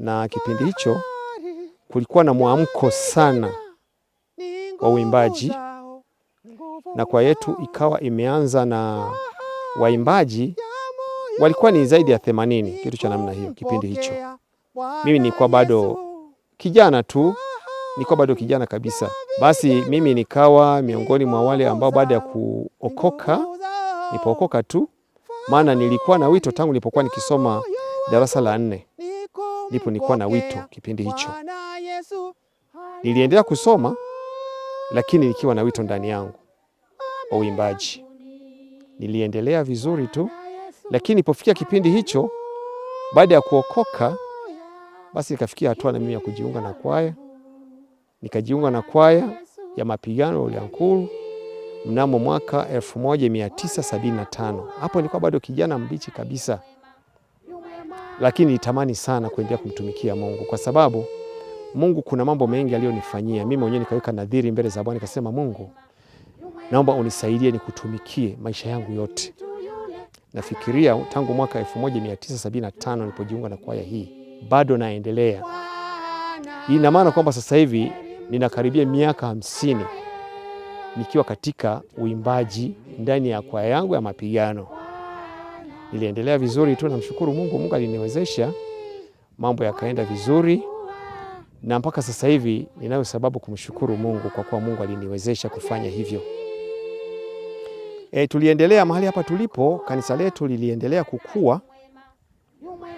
na kipindi hicho kulikuwa na mwamko sana wa uimbaji, na kwa yetu ikawa imeanza na waimbaji walikuwa ni zaidi ya themanini, kitu cha namna hiyo kipindi hicho. Mimi nilikuwa bado kijana tu, nilikuwa bado kijana kabisa. Basi mimi nikawa miongoni mwa wale ambao baada ya kuokoka, nipookoka tu, maana nilikuwa na wito tangu nilipokuwa nikisoma darasa la nne ndipo nilikuwa na wito kipindi hicho. Niliendelea kusoma lakini nikiwa na wito ndani yangu wa uimbaji. Niliendelea vizuri tu, lakini nilipofikia kipindi hicho baada ya kuokoka, basi nikafikia hatua na mimi ya kujiunga na kwaya. Nikajiunga na kwaya ya mapigano ya Ulyankulu mnamo mwaka 1975. Hapo nilikuwa bado kijana mbichi kabisa lakini nitamani sana kuendelea kumtumikia Mungu kwa sababu Mungu kuna mambo mengi aliyonifanyia mimi mwenyewe. Nikaweka nadhiri mbele za Bwana, nikasema, Mungu, naomba unisaidie nikutumikie maisha yangu yote. Nafikiria tangu mwaka 1975 nilipojiunga na kwaya hii bado naendelea. Ina maana kwamba sasa hivi ninakaribia miaka hamsini nikiwa katika uimbaji ndani ya kwaya yangu ya mapigano niliendelea vizuri tu, namshukuru Mungu. Mungu aliniwezesha mambo yakaenda vizuri, na mpaka sasa hivi ninayo sababu kumshukuru Mungu kwa kuwa Mungu aliniwezesha kufanya hivyo. E, tuliendelea mahali hapa tulipo, kanisa letu liliendelea kukua.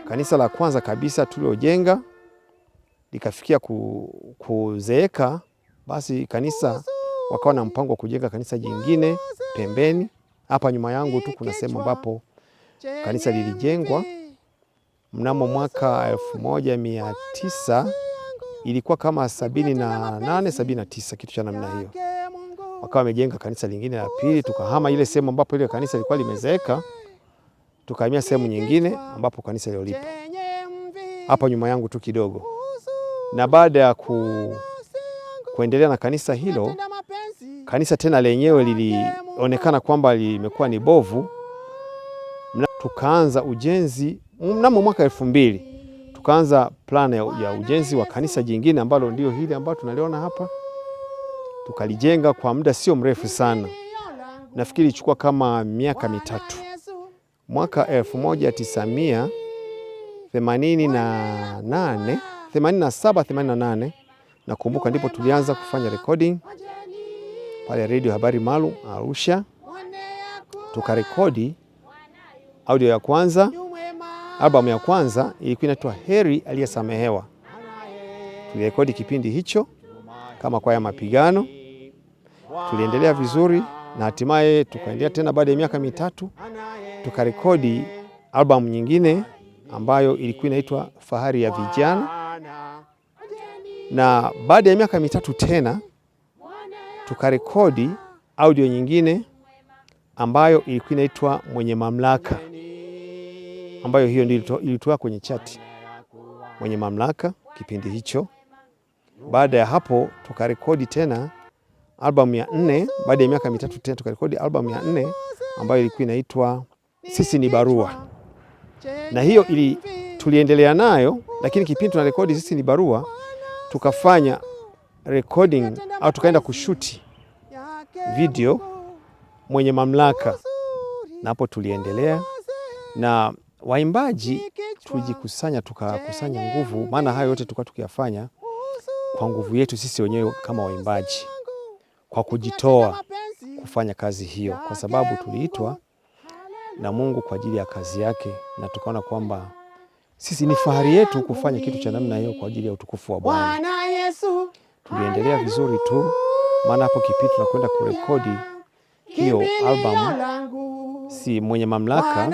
Kanisa la kwanza kabisa tuliojenga likafikia ku, kuzeeka, basi kanisa wakawa na mpango wa kujenga kanisa jingine pembeni hapa nyuma yangu tu kuna sehemu ambapo Kanisa lilijengwa mnamo mwaka elfu moja mia tisa ilikuwa kama sabini na nane sabini na tisa kitu cha namna hiyo, wakawa wamejenga kanisa lingine la pili. Tukahama ile sehemu ambapo ile kanisa lilikuwa limezeeka, tukahamia sehemu nyingine ambapo kanisa hilo lipo hapa nyuma yangu tu kidogo. Na baada ya ku, kuendelea na kanisa hilo, kanisa tena lenyewe lilionekana kwamba limekuwa ni bovu tukaanza ujenzi mnamo mwaka elfu mbili tukaanza plan ya, ya ujenzi wa kanisa jingine ambalo ndio hili ambalo tunaliona hapa. Tukalijenga kwa muda sio mrefu sana, nafikiri ilichukua kama miaka mitatu. Mwaka 1988 na nane nakumbuka, ndipo tulianza kufanya recording pale Radio Habari Maalum Arusha, tukarekodi Audio ya kwanza, albamu ya kwanza ilikuwa inaitwa Heri Aliyesamehewa. Tulirekodi kipindi hicho kama kwaya mapigano, tuliendelea vizuri na hatimaye tukaendelea tena baada ya miaka mitatu tukarekodi albamu nyingine ambayo ilikuwa inaitwa Fahari ya Vijana, na baada ya miaka mitatu tena tukarekodi audio nyingine ambayo ilikuwa inaitwa Mwenye Mamlaka ambayo hiyo ndio ilitoa kwenye chati mwenye mamlaka kipindi hicho. Baada ya hapo tukarekodi tena albamu ya nne. Baada ya miaka mitatu tena tukarekodi albamu ya nne ambayo ilikuwa inaitwa Sisi ni Barua, na hiyo ili tuliendelea nayo, lakini kipindi tunarekodi Sisi ni Barua tukafanya recording au tukaenda kushuti video mwenye mamlaka, na hapo tuliendelea na waimbaji tujikusanya, tukakusanya nguvu, maana hayo yote tukawa tukiyafanya kwa nguvu yetu sisi wenyewe kama waimbaji, kwa kujitoa kufanya kazi hiyo, kwa sababu tuliitwa na Mungu kwa ajili ya kazi yake, na tukaona kwamba sisi ni fahari yetu kufanya kitu cha namna hiyo kwa ajili ya utukufu wa Bwana. Tuliendelea vizuri tu, maana hapo kipindi tunakwenda kurekodi hiyo albamu, si mwenye mamlaka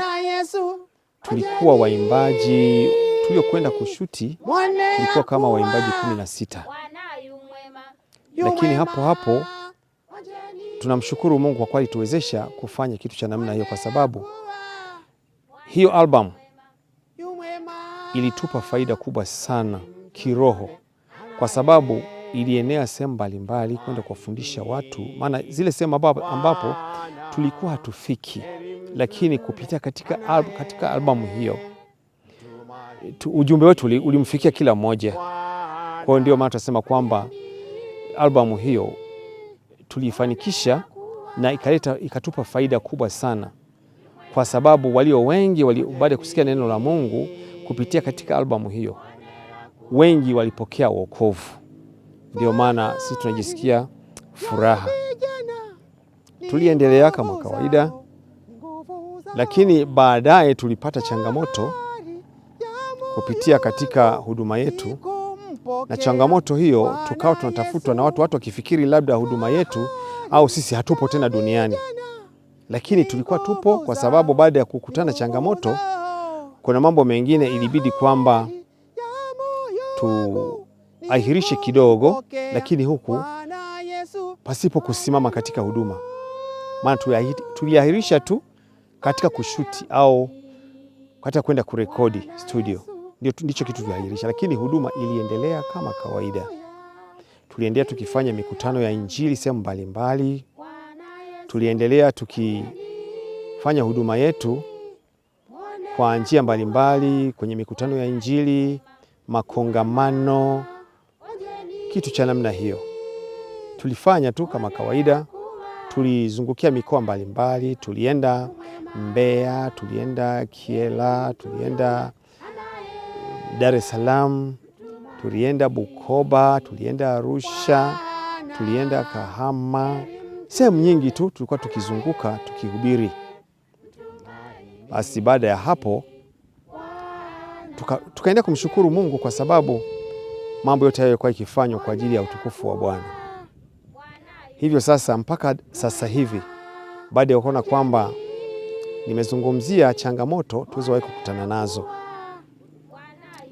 tulikuwa waimbaji tuliokwenda kushuti, tulikuwa kama waimbaji kumi na sita, lakini hapo hapo tunamshukuru Mungu kwa alituwezesha kufanya kitu cha namna hiyo, kwa sababu hiyo albamu ilitupa faida kubwa sana kiroho, kwa sababu ilienea sehemu mbalimbali kwenda kuwafundisha watu, maana zile sehemu ambapo tulikuwa hatufiki lakini kupitia katika, al katika albamu hiyo tu, ujumbe wetu ulimfikia kila mmoja. Kwa hiyo ndio maana tunasema kwamba albamu hiyo tuliifanikisha na ikaleta ikatupa faida kubwa sana, kwa sababu walio wengi wali, baada ya kusikia neno la Mungu kupitia katika albamu hiyo wengi walipokea wokovu. Ndio maana sisi tunajisikia furaha. Tuliendelea kama kawaida lakini baadaye tulipata changamoto kupitia katika huduma yetu, na changamoto hiyo tukawa tunatafutwa na watu, watu wakifikiri labda huduma yetu au sisi hatupo tena duniani, lakini tulikuwa tupo, kwa sababu baada ya kukutana changamoto, kuna mambo mengine ilibidi kwamba tuahirishe kidogo, lakini huku pasipo kusimama katika huduma, maana tuliahirisha tu katika kushuti au katika kwenda kurekodi studio, ndio ndicho kitu tuliahirisha, lakini huduma iliendelea kama kawaida. Tuliendelea tukifanya mikutano ya injili sehemu mbalimbali, tuliendelea tukifanya huduma yetu kwa njia mbalimbali kwenye mikutano ya injili, makongamano, kitu cha namna hiyo. Tulifanya tu kama kawaida, tulizungukia mikoa mbalimbali, tulienda Mbeya, tulienda Kiela, tulienda Dar es Salaam, tulienda Bukoba, tulienda Arusha, tulienda Kahama, sehemu nyingi tu tulikuwa tukizunguka tukihubiri. Basi baada ya hapo tuka, tukaenda kumshukuru Mungu kwa sababu mambo yote hayo yalikuwa ikifanywa kwa ajili ya utukufu wa Bwana. Hivyo sasa mpaka sasa hivi baada ya kuona kwamba nimezungumzia changamoto tulizowahi kukutana nazo.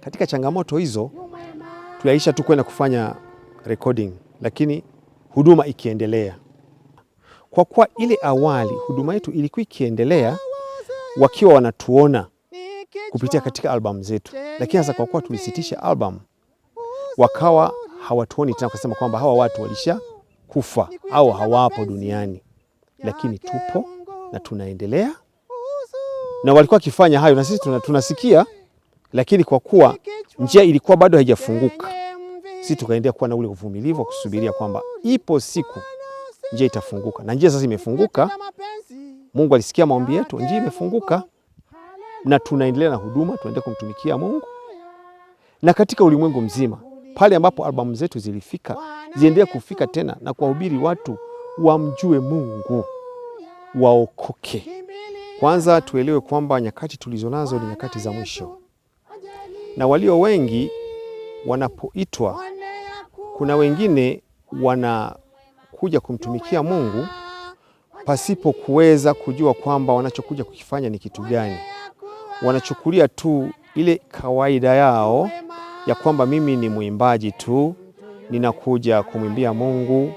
Katika changamoto hizo tuliaisha tu kwenda kufanya recording, lakini huduma ikiendelea. Kwa kuwa ile awali huduma yetu ilikuwa ikiendelea wakiwa wanatuona kupitia katika albamu zetu, lakini sasa kwa kuwa tulisitisha albamu, wakawa hawatuoni tena, kusema kwamba hawa watu walisha kufa au hawapo duniani, lakini tupo na tunaendelea na walikuwa wakifanya hayo na sisi tunasikia, lakini kwa kuwa njia ilikuwa bado haijafunguka, sisi tukaendelea kuwa na ule uvumilivu wa kusubiria kwamba ipo siku njia itafunguka, na njia sasa imefunguka. Mungu alisikia maombi yetu, njia imefunguka na tunaendelea na huduma, tunaendelea kumtumikia Mungu na katika ulimwengu mzima, pale ambapo albamu zetu zilifika, ziendelea kufika tena na kuwahubiri watu wamjue Mungu, waokoke. Kwanza tuelewe kwamba nyakati tulizonazo ni nyakati za mwisho, na walio wengi wanapoitwa, kuna wengine wanakuja kumtumikia Mungu pasipo kuweza kujua kwamba wanachokuja kukifanya ni kitu gani. Wanachukulia tu ile kawaida yao ya kwamba mimi ni mwimbaji tu, ninakuja kumwimbia Mungu,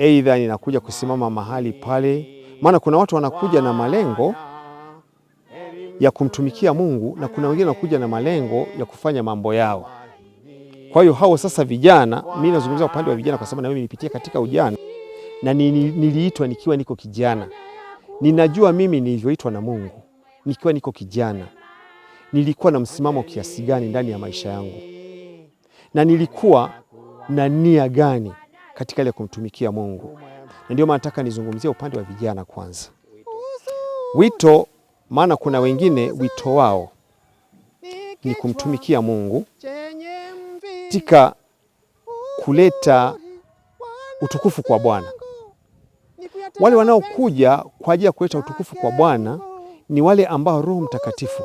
aidha ninakuja kusimama mahali pale. Maana kuna watu wanakuja na malengo ya kumtumikia Mungu na kuna wengine wanakuja na malengo ya kufanya mambo yao. Kwa hiyo hao sasa vijana, mimi nazungumza upande wa vijana kwa sababu na mimi nilipitia katika ujana na niliitwa nikiwa niko kijana. Ninajua mimi nilivyoitwa na Mungu nikiwa niko kijana, nilikuwa na msimamo kiasi gani ndani ya maisha yangu na nilikuwa na nia gani katika ile kumtumikia Mungu, na ndio maana nataka nizungumzie upande wa vijana kwanza. Wito maana kuna wengine wito wao ni kumtumikia Mungu katika kuleta utukufu kwa Bwana. Wale wanaokuja kwa ajili ya kuleta utukufu kwa Bwana ni wale ambao Roho Mtakatifu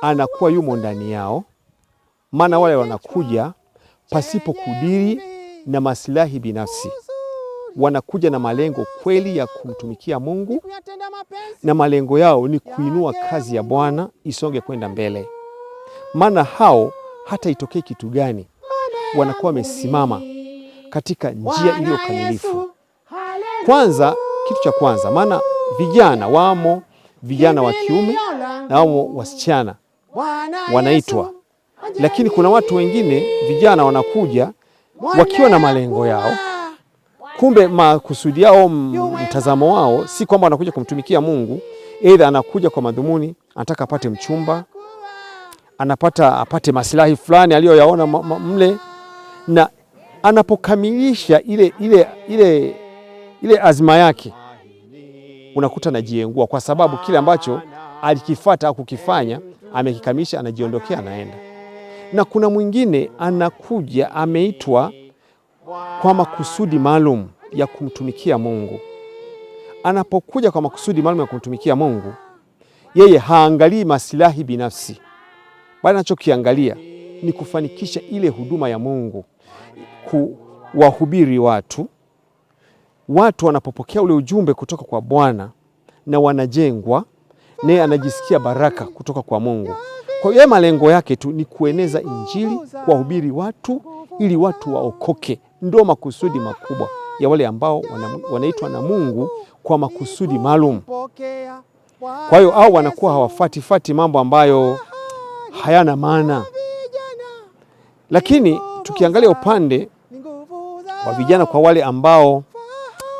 anakuwa yumo ndani yao, maana wale wanakuja pasipo kudiri na masilahi binafsi wanakuja na malengo kweli ya kumtumikia Mungu na malengo yao ni kuinua kazi ya Bwana isonge kwenda mbele. Maana hao hata itokee kitu gani, wanakuwa wamesimama katika njia iliyo kamilifu. Kwanza, kitu cha kwanza, maana vijana wamo, vijana wa kiume na wamo wasichana wanaitwa, lakini kuna watu wengine vijana wanakuja wakiwa na malengo yao Kumbe makusudi yao, mtazamo wao si kwamba anakuja kumtumikia Mungu, aidha anakuja kwa madhumuni, anataka apate mchumba, anapata apate maslahi fulani aliyoyaona mle, na anapokamilisha ile, ile, ile, ile azima yake unakuta anajiengua, kwa sababu kile ambacho alikifata au kukifanya amekikamilisha, anajiondokea, anaenda. Na kuna mwingine anakuja ameitwa kwa makusudi maalum ya kumtumikia Mungu. Anapokuja kwa makusudi maalum ya kumtumikia Mungu, yeye haangalii masilahi binafsi, bali anachokiangalia ni kufanikisha ile huduma ya Mungu, kuwahubiri watu. Watu wanapopokea ule ujumbe kutoka kwa Bwana na wanajengwa, naye anajisikia baraka kutoka kwa Mungu. Kwa hiyo malengo yake tu ni kueneza Injili, kuwahubiri watu ili watu waokoke ndo makusudi makubwa ya wale ambao wanaitwa na Mungu kwa makusudi maalum. Kwa hiyo au wanakuwa hawafatifati mambo ambayo hayana maana. Lakini tukiangalia upande wa vijana, kwa wale ambao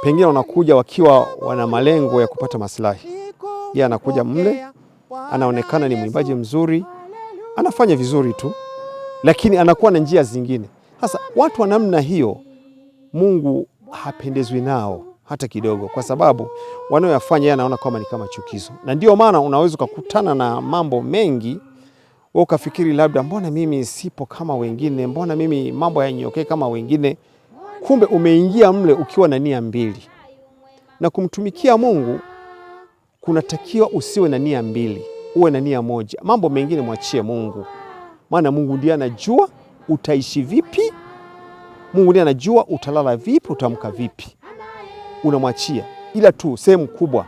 pengine wanakuja wakiwa wana malengo ya kupata maslahi, yeye anakuja mle, anaonekana ni mwimbaji mzuri, anafanya vizuri tu, lakini anakuwa na njia zingine sasa watu wa namna hiyo Mungu hapendezwi nao hata kidogo, kwa sababu wanaoyafanya yeye anaona kama ni kama chukizo, na ndio maana unaweza ukakutana na mambo mengi wewe ukafikiri labda, mbona mimi sipo kama wengine, mbona mimi mambo hayanyokee kama wengine. Kumbe umeingia mle ukiwa na nia mbili, na kumtumikia Mungu kunatakiwa usiwe na nia mbili, uwe na nia moja. Mambo mengine mwachie Mungu, maana Mungu ndiye anajua utaishi vipi. Mungu ndiye anajua utalala vipi, utamka vipi, unamwachia. Ila tu sehemu kubwa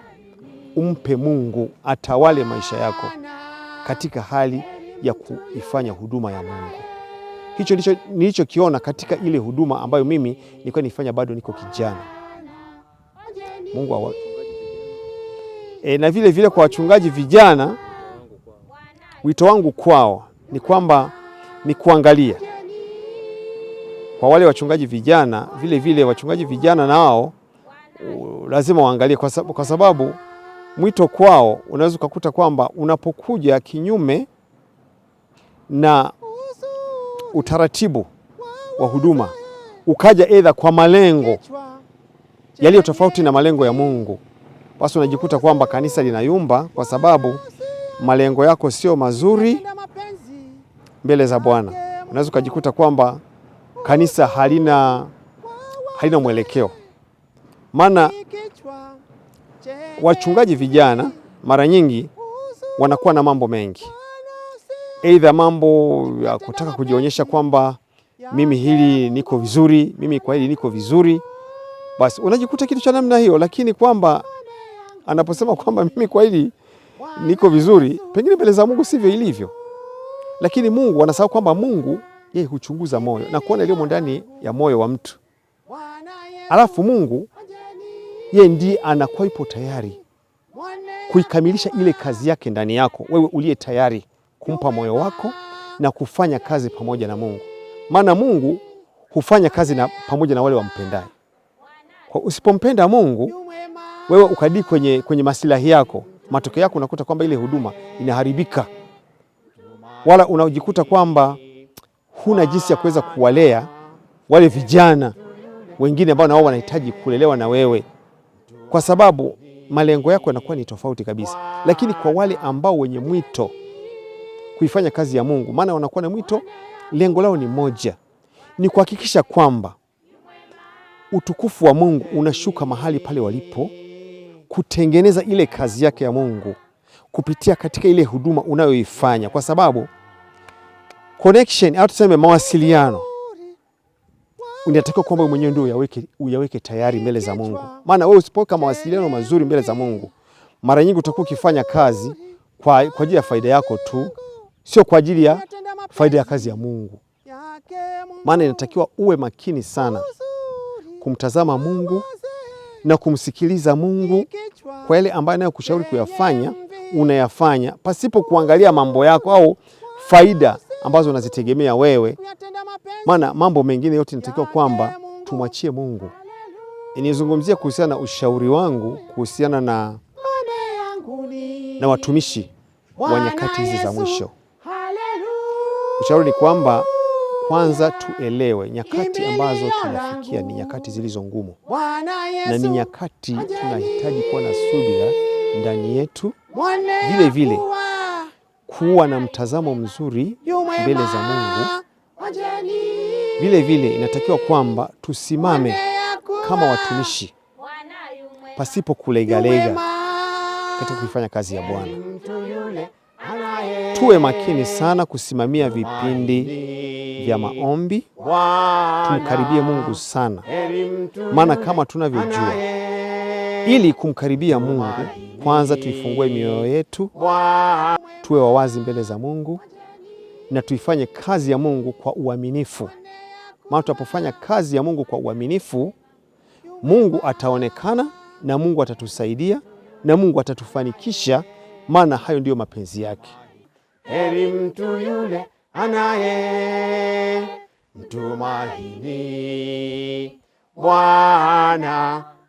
umpe Mungu atawale maisha yako katika hali ya kuifanya huduma ya Mungu. Hicho nilichokiona katika ile huduma ambayo mimi nilikuwa nifanya bado niko kijana. Mungu awa... E, na vile vile kwa wachungaji vijana, wito wangu kwao ni kwamba ni kuangalia kwa wale wachungaji vijana vile vile, wachungaji vijana nao lazima waangalie, kwa sababu mwito kwao unaweza ukakuta kwamba unapokuja kinyume na utaratibu wa huduma, ukaja edha kwa malengo yaliyo tofauti na malengo ya Mungu, basi unajikuta kwamba kanisa linayumba, kwa sababu malengo yako sio mazuri mbele za Bwana. Unaweza ukajikuta kwamba kanisa halina, halina mwelekeo. Maana wachungaji vijana mara nyingi wanakuwa na mambo mengi, aidha mambo ya kutaka kujionyesha kwamba mimi hili niko vizuri, mimi kwa hili niko vizuri, basi unajikuta kitu cha namna hiyo. Lakini kwamba anaposema kwamba mimi kwa hili niko vizuri, pengine mbele za Mungu sivyo ilivyo, lakini Mungu anasahau kwamba Mungu yeye huchunguza moyo na kuona yaliyomo ndani ya moyo wa mtu. Alafu Mungu yeye ndiye anakuwa ipo tayari kuikamilisha ile kazi yake ndani yako, wewe uliye tayari kumpa moyo wako na kufanya kazi pamoja na Mungu, maana Mungu hufanya kazi na pamoja na wale wampendaye. Kwa usipompenda Mungu wewe ukadi kwenye, kwenye masilahi yako, matokeo yako unakuta kwamba ile huduma inaharibika, wala unajikuta kwamba huna jinsi ya kuweza kuwalea wale vijana wengine ambao nao wanahitaji kulelewa na wewe, kwa sababu malengo yako yanakuwa ni tofauti kabisa. Lakini kwa wale ambao wenye mwito kuifanya kazi ya Mungu, maana wanakuwa na mwito, lengo lao ni moja, ni kuhakikisha kwamba utukufu wa Mungu unashuka mahali pale walipo, kutengeneza ile kazi yake ya Mungu kupitia katika ile huduma unayoifanya kwa sababu connection au tuseme mawasiliano unatakiwa kwamba mwenyewe ndio uyaweke, uyaweke tayari mbele za Mungu, maana wewe usipoweka mawasiliano mazuri mbele za Mungu, mara nyingi utakuwa ukifanya kazi kwa, kwa ajili ya faida yako tu, sio kwa ajili ya faida ya kazi ya Mungu. Maana inatakiwa uwe makini sana kumtazama Mungu na kumsikiliza Mungu kwa yale ambayo anayokushauri kuyafanya, unayafanya pasipo kuangalia mambo yako au faida ambazo unazitegemea wewe, maana mambo mengine yote inatakiwa kwamba tumwachie Mungu. Inizungumzia kuhusiana na ushauri wangu kuhusiana na, na watumishi wa nyakati hizi za mwisho. Ushauri ni kwamba kwanza tuelewe nyakati ambazo tunafikia ni nyakati zilizo ngumu, na ni nyakati tunahitaji kuwa na subira ndani yetu vile vile kuwa na mtazamo mzuri mbele za Mungu. Vile vile inatakiwa kwamba tusimame kama watumishi pasipo kulegalega katika kuifanya kazi ya Bwana. Tuwe makini sana kusimamia vipindi vya maombi, tumkaribie Mungu sana, maana kama tunavyojua, ili kumkaribia Mungu kwanza tuifungue mioyo yetu, tuwe wawazi mbele za Mungu na tuifanye kazi ya Mungu kwa uaminifu, maana tunapofanya kazi ya Mungu kwa uaminifu, Mungu ataonekana na Mungu atatusaidia na Mungu atatufanikisha, maana hayo ndiyo mapenzi yake. Heri mtu yule anaye mtumaini Bwana.